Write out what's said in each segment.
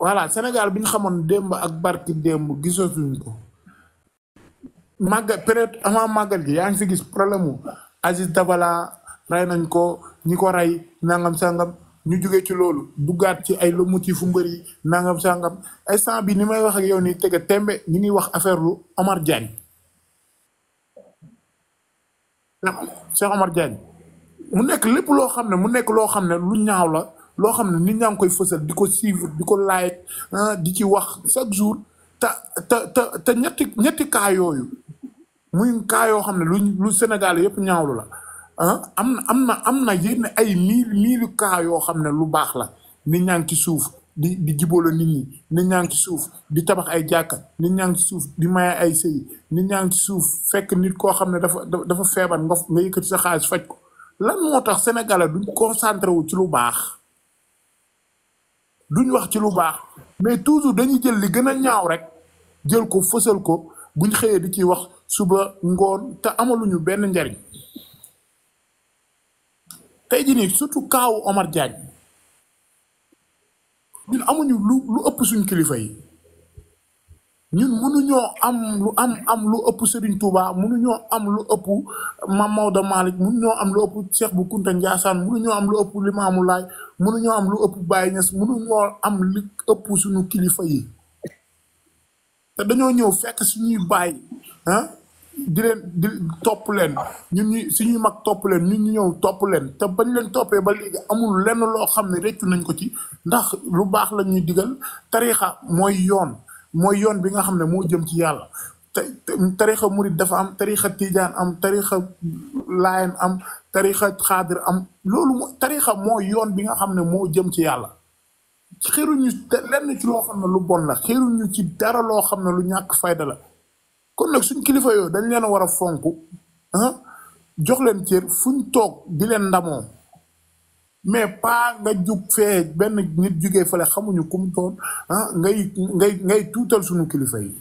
voilà Sénégal bi xamone demb ak barki demb gisatuñ ko màggal peut-être avant gi yaangi gis problème Aziz Dabala ray nañ ko ñi ko ray nangam sangam ñu jugee ci loolu duggaat ci ay muti fu mbëri nangam sangam instant bi ni may wax ak yow ni tege tembe ñi ngi wax affaire lu Omar Diagne Cheikh Omar Diagne mu nekk lépp loo xam ne mu nekk loo xam lu ñaaw la. lo xam nit ñang koy fësal diko suivre diko like hein di ci wax chaque jour ta ta ta ta ñetti ñetti ka yoyu muy ka yo xam lu lu Sénégal ñaawlu la ah hein. amna amna amna yéne ay mille mille cas yoo lu bax la nit ñang ci suuf di di jibolo nit ñi nit ñang ci suuf di tabax ay jàkka nit ñang ci suuf di maya ay sey nit ñang ci suuf fekk nit ko xam dafa dafa feebar nga nga yëkkati sa xaalis faj ko lan motax sénégalais duñ concentré wu ci lu bax duñ wax ci lu baax mais toujours dañuy jël li gën a ñaaw rek jël ko fësal ko buñ xëyee di ciy wax suba ngoon te amaluñu benn njariñ tey jii nii surtout kaawu Omar Diagne ñun amuñu lu ëpp suñ kilifa yi. ñun mënuñoo am lu am am lu ëpp Serigne Touba mënuñoo am lu ëpp Mame Maodo Malick mënuñoo am lu ëpp Cheikh Bou Kounta Ndiassane mënuñoo am lu ëpp Limamou Laye mënuñoo am lu ëpp Baye Niass mënuñoo am li ëpp suñu kilifa yi te dañoo ñëw fekk suñuy baay ah di leen di topp leen ñun ñu suñuy mag topp leen ñun ñu ñëw topp leen te bañ leen toppee ba léegi amul lenn loo xam ne réccu nañ ko ci ndax lu baax la ñuy digal tariixa mooy yoon moy yoon bi nga xamne mo jëm ci yàlla tariikha mourid dafa am tariikha tidiane am tariikha laayen am tariikha khadir am loolu tariikha tarixa yoon bi nga xamne mo jëm ci yàlla xeru ñu lenn ci lo xamne lu bon la xeru ñu ci dara lo xamne lu ñak fayda la kon nak suñu kilifa yo dañ leen wara fonku a jox leen ci fuñ tok di leen ndamoo mais pas nga jug fee benn nit jugee fële xamuñu kum toon ah, ngay ngay ngay tuutal suñu kilifa yi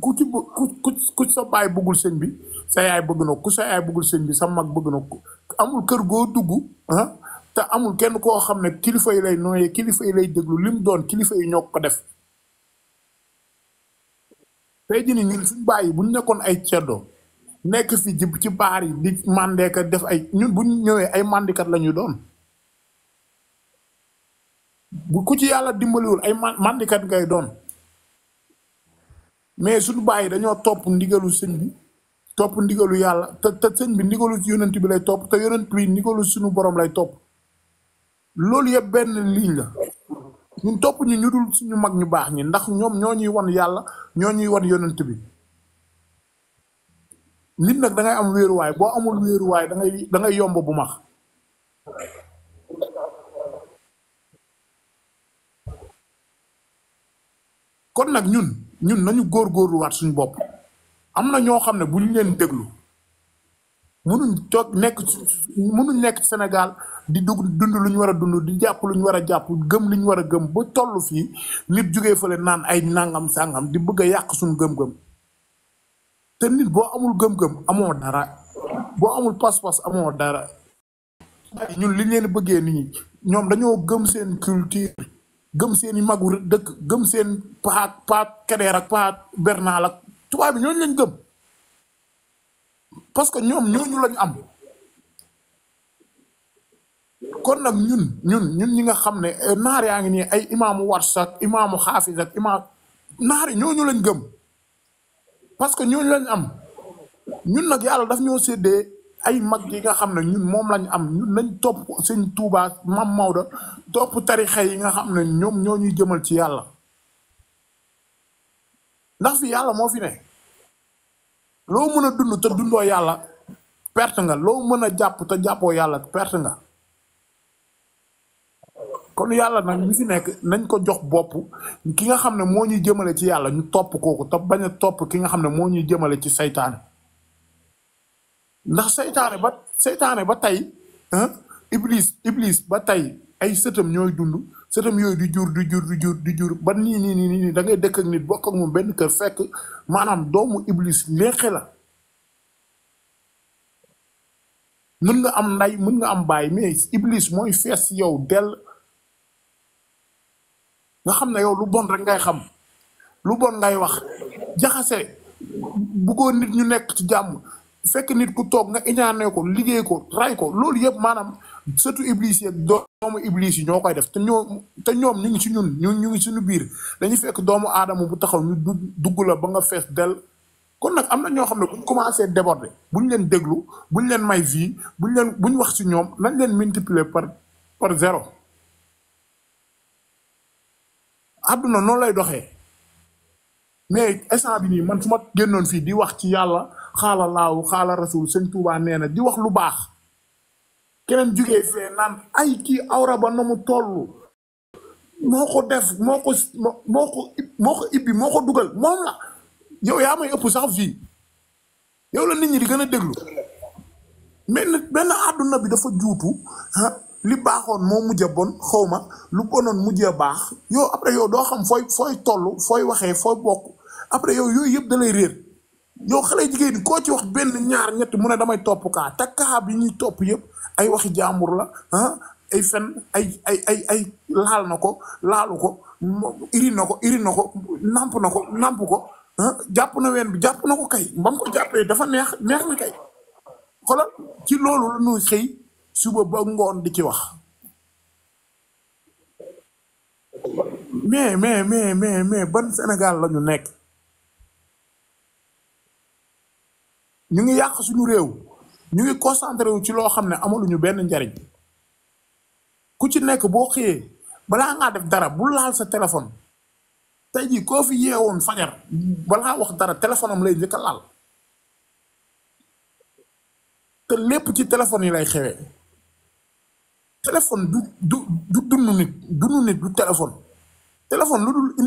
ku ci ku ku sa baay bëggul sëñ bi sa yaay bëgg na ku sa yaay bëggul sëñ bi sa mag bëgg na ko amul kër goo dugg ah, te amul kenn koo xam ne kilifa yi lay nooyee kilifa yi lay déglu lim doon kilifa yi ñoo ko def tey jii ñun suñu baay bu nekkoon ay ceddo nek fi ci ci baar yi di ka def ay ñun bu ñëwé ay mandikat la ñu doon bu ku ci yalla dimbali wul ay mandikat ngay doon mais suñu bàyyi dañoo top ndigalu sëñ bi top ndigalu yalla te te sëñ bi ndigalu ci yonent bi lay top te yonent bi ndigalu suñu borom lay top loolu yëpp benn ligne la ñun top ñu ñudul suñu mag ñu baax ñi ndax ñom ñoo ñuy wan yàlla ñoo ñuy wan yonent bi nit nag dangay am wéeruwaay boo amul wéeruwaay da ngay da yomb bu max kon nag ñun ñun nañu góor góorgóorluwaat suñu bopp am na ñoo xam ne bu ñu leen déglu mënuñ toog nekk mënuñ nekk Sénégal di dugg dund lu ñu war a dund di jàpp lu ñu war a jàpp gëm li ñu war a gëm ba toll fii nit jógee fële naan ay nàngam sàngam di bëgg a yàq suñu gëm-gëm te nit bo amul gëm-gëm amo dara bo amul pass pass amo dara ñun li leen bëggee ni ñom dañoo gëm seen culture gëm seen magu dëkk gëm seen paat paat kedeer ak paat bernal ak tuba bi ñoo lañ gëm parce que ñoo ñu lañ am kon nak ñun ñun ñun ñi nga xamne ne eh, naar yaa ay imam warsak imam khafizat imam ak imaam naari lañ gëm parce que ñooñu lañ am ñun nag yàlla daf ñoo séddee ay mag yi nga xam ne ñun moom lañ am ñun nañ topp sëñ Tuubaa Mam Maodo topp tarixa yi nga xam ne ñoom ñoo ñuy jëmal ci yàlla ndax fi yàlla moo fi ne loo mën a dund te dundoo yàlla perte nga loo mën a jàpp te jàppoo yàlla perte nga kon yàlla nag ñu fi nekk nañ ko jox bopp ki nga xam ne moo ñuy jëmale ci yàlla ñu topp kooku topp bañ a topp ki nga xam ne moo ñuy jëmale ci saytaane ndax saytaane ba saytaane ba tey iblis iblis ba tey ay sëtam ñooy dund sëtam yooyu di jur di jur di jur di jur ba nii nii nii nii da ngay dëkk ak nit bokk ak mu benn kër fekk maanaam doomu iblis léexe la mën nga am nday mën nga am baay mais iblis mooy fees yow dell nga xam ne yow lu bon rek ngay xam lu bon ngay wax jaxase buggoon nit ñu nekk ci jàmm fekk nit ku toog nga iñaane ko liggéey ko ray ko loolu yëpp maanaam surtout iblis yi ak doomu iblis yi ñoo koy def te ñoo te ñoom ñu ngi ci ñun ñu ñu ngi suñu biir dañuy fekk doomu aadama bu taxaw ñu dugg la ba nga fees dell kon nag am na ñoo xam ne buñ commencé bu ñu leen déglu buñ leen may vie buñ leen buñ wax ci ñoom nañ leen multiplier par par zéro aduna non lay doxé mais instant bi ni man suma gennon fi di wax ci yalla khala laaw khala rasul seigne touba neena di wax lu bax keneen jugé fé nan ay ki awra ba namu tollu moko def moko moko moko ibi moko dugal mom la yow ya may epp sax vie yow la nit ñi di gëna déglu mais ben aduna bi dafa ah, li baaxoon moo mujj a bon xaw ma lu bonoon mujj a baax yow après yow doo xam fooy fooy toll fooy waxee fooy bokk après yow yooyu yëpp da lay réer yow xale jigéen ñi koo ci wax benn ñaar ñett mu ne damay topp kaa te kaa ñuy topp yëpp ay waxi jaambur la ah, ay fen ay ay ay ay laal na ko laalu ko iri na ko iri na ko namp na ko namp ko ah, jàpp na ween bi jàpp na ko kay ba ko jàppee dafa neex neex na kay xoolal ci loolu la ñuy xëy. suba ba ngon di ci wax mais mais mais mais mais ban senegal lañu nek ñu ngi yaq suñu rew ñu ngi concentré wu ci lo xamne ne ñu ben njariñ ku ci nek bo xëyee bala nga def dara bu laal sa téléphone tay ji ko fi yewon fajar bala wax dara téléphone am lay njëkk laal te lepp ci téléphone yi lay xewé téléphone du du du nous du téléphone téléphone